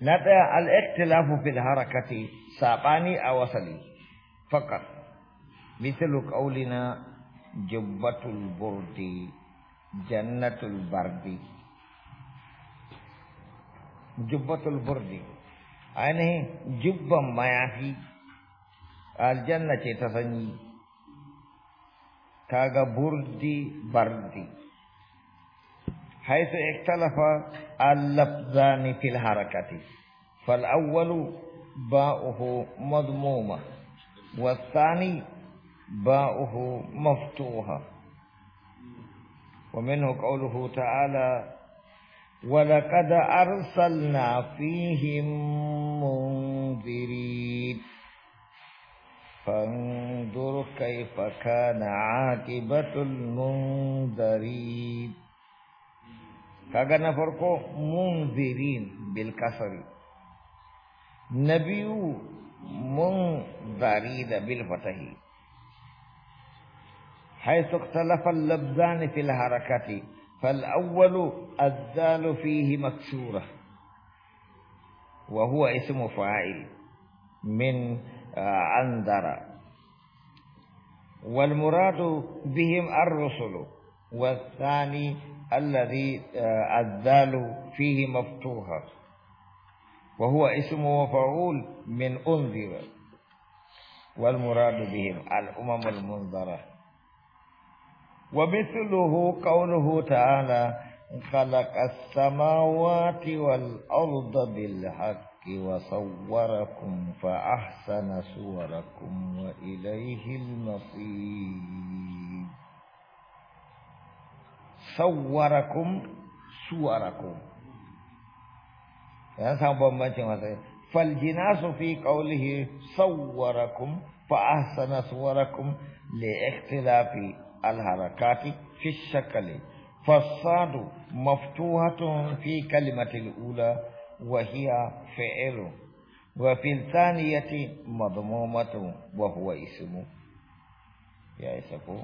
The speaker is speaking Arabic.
na ɗaya al'iktilafu fil harakati saɓani a wasali fakat misalu ƙaunina jubbatul burdi jannatul bardi burdi ainihin mayafi aljanna ce ta sanyi kaga burdi bardi حيث اختلف اللفظان في الحركة فالأول باؤه مضمومة والثاني باؤه مفتوحة ومنه قوله تعالى ولقد أرسلنا فيهم منذرين فانظر كيف كان عاقبة المنذرين kaga na منذرين بالكسر bil kasri na حيث اختلف اللبزان في الحركة فالأول الزال فيه مكسورة وهو اسم فاعل من أنذر والمراد بهم الرسل والثاني الذي آه، الذال فيه مفتوحة وهو اسم وفعول من أنذر والمراد بهم الأمم المنذرة ومثله قوله تعالى خلق السماوات والأرض بالحق وصوركم فأحسن صوركم وإليه المصير صوركم صوركم ya samu bambancin wasai faljinasu fi qawlihi sawwarakum fa ahsana suwarakum li ikhtilafi alharakati fi shakli fasadu maftuhatun fi kalimati ula wa hiya fi'lu wa fi thaniyati madmumatu wa huwa ismu ya isaku